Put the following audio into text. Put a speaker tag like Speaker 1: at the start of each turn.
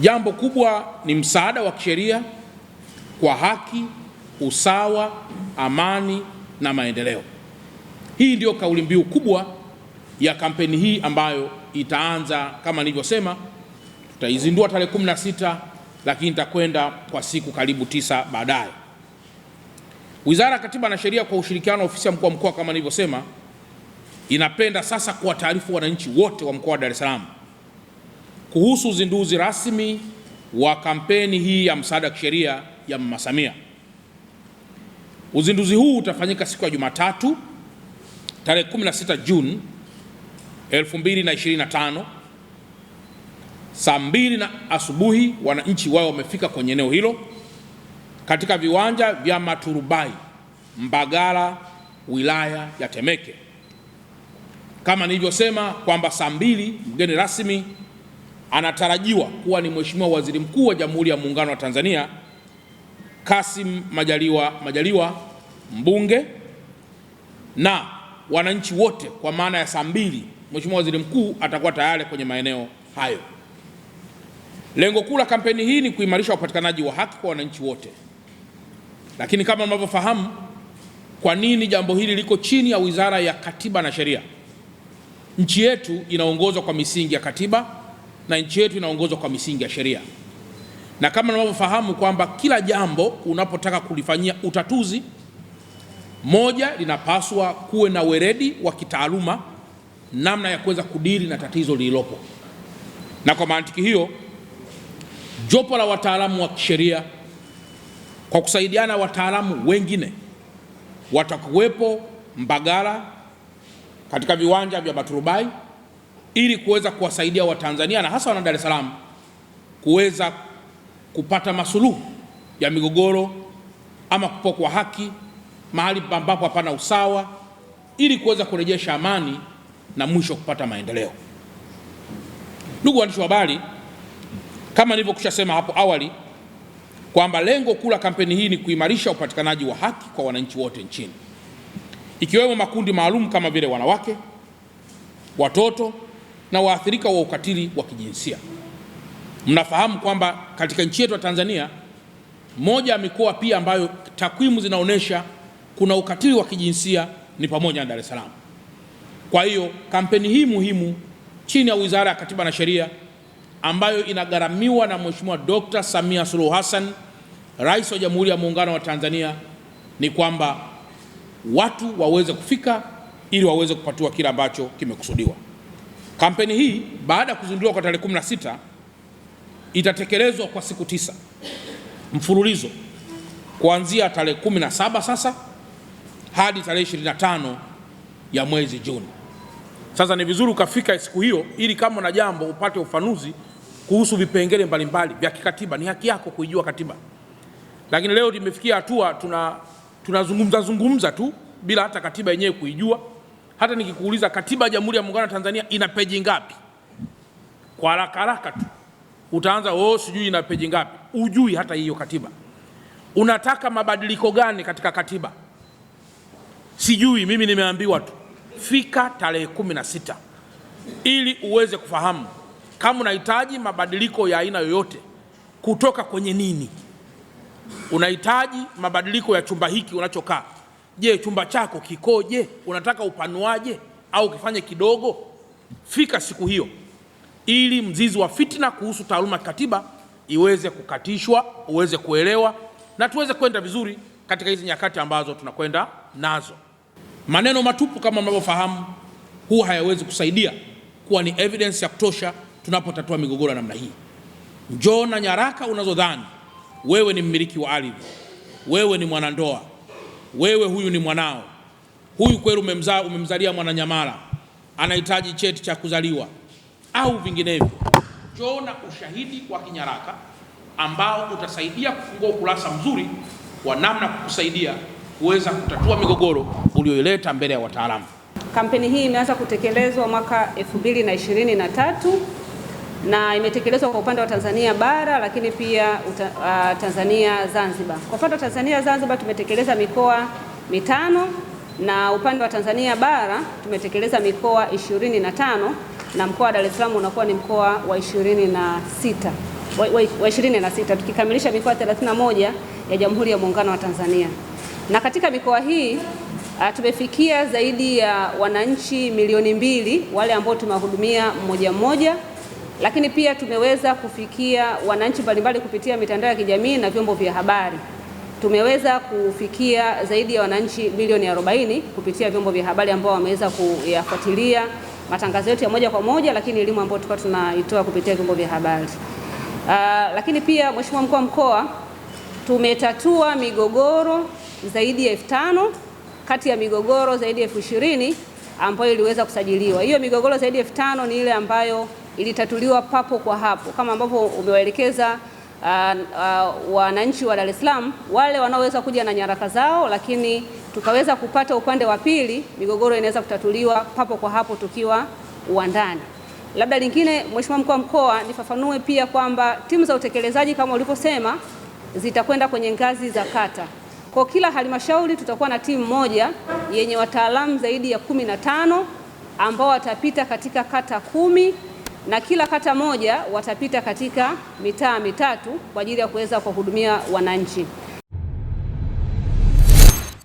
Speaker 1: Jambo kubwa ni msaada wa kisheria kwa haki, usawa, amani na maendeleo. Hii ndiyo kauli mbiu kubwa ya kampeni hii ambayo itaanza kama nilivyosema, tutaizindua tarehe sita lakini itakwenda kwa siku karibu tisa baadaye. Wizara ya Katiba na Sheria kwa ushirikiano wa ofisi ya mkuu wa mkoa kama nilivyosema, inapenda sasa kuwataarifu wananchi wote wa mkoa wa Dar es Salaam kuhusu uzinduzi rasmi wa kampeni hii ya msaada wa kisheria ya Mama Samia. Uzinduzi huu utafanyika siku ya Jumatatu tarehe 16 Juni 2025 saa mbili na asubuhi, wananchi wao wamefika kwenye eneo hilo katika viwanja vya Maturubai Mbagala, wilaya ya Temeke. Kama nilivyosema kwamba saa mbili mgeni rasmi anatarajiwa kuwa ni Mheshimiwa Waziri Mkuu wa Jamhuri ya Muungano wa Tanzania Kassim Majaliwa Majaliwa, mbunge na wananchi wote, kwa maana ya saa mbili Mheshimiwa Waziri Mkuu atakuwa tayari kwenye maeneo hayo. Lengo kuu la kampeni hii ni kuimarisha upatikanaji wa haki kwa wananchi wote, lakini kama mnavyofahamu, kwa nini jambo hili liko chini ya Wizara ya Katiba na Sheria? Nchi yetu inaongozwa kwa misingi ya katiba na nchi yetu inaongozwa kwa misingi ya sheria, na kama unavyofahamu kwamba kila jambo unapotaka kulifanyia utatuzi, moja, linapaswa kuwe na weredi wa kitaaluma, namna ya kuweza kudiri na tatizo lililopo, na kwa mantiki hiyo jopo la wataalamu wa kisheria kwa kusaidiana wataalamu wengine watakuwepo Mbagala katika viwanja vya Baturubai ili kuweza kuwasaidia Watanzania na hasa wana Dar es Salaam kuweza kupata masuluhu ya migogoro ama kupokwa haki mahali ambapo hapana usawa, ili kuweza kurejesha amani na mwisho kupata maendeleo. Ndugu waandishi wa habari, kama nilivyokusha sema hapo awali kwamba lengo kuu la kampeni hii ni kuimarisha upatikanaji wa haki kwa wananchi wote nchini, ikiwemo makundi maalum kama vile wanawake, watoto na waathirika wa ukatili wa kijinsia. Mnafahamu kwamba katika nchi yetu ya Tanzania, moja ya mikoa pia ambayo takwimu zinaonyesha kuna ukatili wa kijinsia ni pamoja na Dar es Salaam. Kwa hiyo kampeni hii muhimu chini ya Wizara ya Katiba na Sheria ambayo inagharamiwa na Mheshimiwa Dr. Samia Suluhu Hassan, Rais wa Jamhuri ya Muungano wa Tanzania, ni kwamba watu waweze kufika ili waweze kupatiwa kile ambacho kimekusudiwa. Kampeni hii baada ya kuzinduliwa kwa tarehe 16 itatekelezwa kwa siku tisa mfululizo kuanzia tarehe 17 sasa hadi tarehe 25 ya mwezi Juni. Sasa ni vizuri ukafika siku hiyo, ili kama na jambo upate ufanuzi kuhusu vipengele mbalimbali vya kikatiba. Ni haki yako kuijua katiba, lakini leo limefikia hatua tunazungumza tuna zungumza tu bila hata katiba yenyewe kuijua. Hata nikikuuliza katiba ya Jamhuri ya Muungano wa Tanzania ina peji ngapi, kwa haraka haraka tu utaanza oh, sijui ina peji ngapi. Ujui hata hiyo katiba. Unataka mabadiliko gani katika katiba? Sijui, mimi nimeambiwa tu fika tarehe kumi na sita ili uweze kufahamu kama unahitaji mabadiliko ya aina yoyote kutoka kwenye nini. Unahitaji mabadiliko ya chumba hiki unachokaa Je, chumba chako kikoje? Unataka upanuaje au kifanye kidogo? Fika siku hiyo, ili mzizi wa fitna kuhusu taaluma ya kikatiba iweze kukatishwa, uweze kuelewa na tuweze kwenda vizuri katika hizi nyakati ambazo tunakwenda nazo. Maneno matupu kama mnavyofahamu, huwa hayawezi kusaidia kuwa ni evidence ya kutosha tunapotatua migogoro ya namna hii. Njoo na nyaraka unazodhani wewe ni mmiliki wa ardhi, wewe ni mwanandoa wewe, huyu ni mwanao, huyu kweli umemzaa, umemzalia mwananyamala, anahitaji cheti cha kuzaliwa au vinginevyo, njoo na ushahidi wa kinyaraka ambao utasaidia kufungua ukurasa mzuri wa namna kukusaidia kuweza kutatua migogoro uliyoileta mbele ya wataalamu.
Speaker 2: Kampeni hii imeanza kutekelezwa mwaka 2023 na imetekelezwa kwa upande wa Tanzania bara lakini pia uta, uh, Tanzania Zanzibar. Kwa upande wa Tanzania Zanzibar tumetekeleza mikoa mitano na upande wa Tanzania bara tumetekeleza mikoa ishirini na tano na mkoa wa Dar es Salaam unakuwa ni mkoa wa ishirini na sita wa ishirini na sita tukikamilisha mikoa 31 ya Jamhuri ya Muungano wa Tanzania. Na katika mikoa hii uh, tumefikia zaidi ya wananchi milioni mbili wale ambao tumewahudumia mmoja mmoja lakini pia tumeweza kufikia wananchi mbalimbali kupitia mitandao ya kijamii na vyombo vya habari. Tumeweza kufikia zaidi ya wananchi milioni 40 kupitia vyombo vya habari ambao wameweza kuyafuatilia matangazo yetu ya moja kwa moja, lakini elimu ambayo tulikuwa tunaitoa kupitia vyombo vya habari. Uh, lakini pia Mheshimiwa Mkuu wa Mkoa, tumetatua migogoro zaidi ya elfu tano kati ya migogoro zaidi ya elfu ishirini ambayo iliweza kusajiliwa. Hiyo migogoro zaidi ya elfu tano ni ile ambayo ilitatuliwa papo kwa hapo kama ambavyo umewaelekeza uh, uh, wananchi wa Dar es Salaam wale wanaoweza kuja na nyaraka zao, lakini tukaweza kupata upande wa pili, migogoro inaweza kutatuliwa papo kwa hapo tukiwa uwandani. Labda lingine, Mheshimiwa Mkuu wa Mkoa, nifafanue pia kwamba timu za utekelezaji kama ulivyosema zitakwenda kwenye ngazi za kata. Kwa kila halmashauri tutakuwa na timu moja yenye wataalamu zaidi ya kumi na tano ambao watapita katika kata kumi na kila kata moja watapita katika mitaa mitatu kwa ajili ya kuweza kuwahudumia wananchi.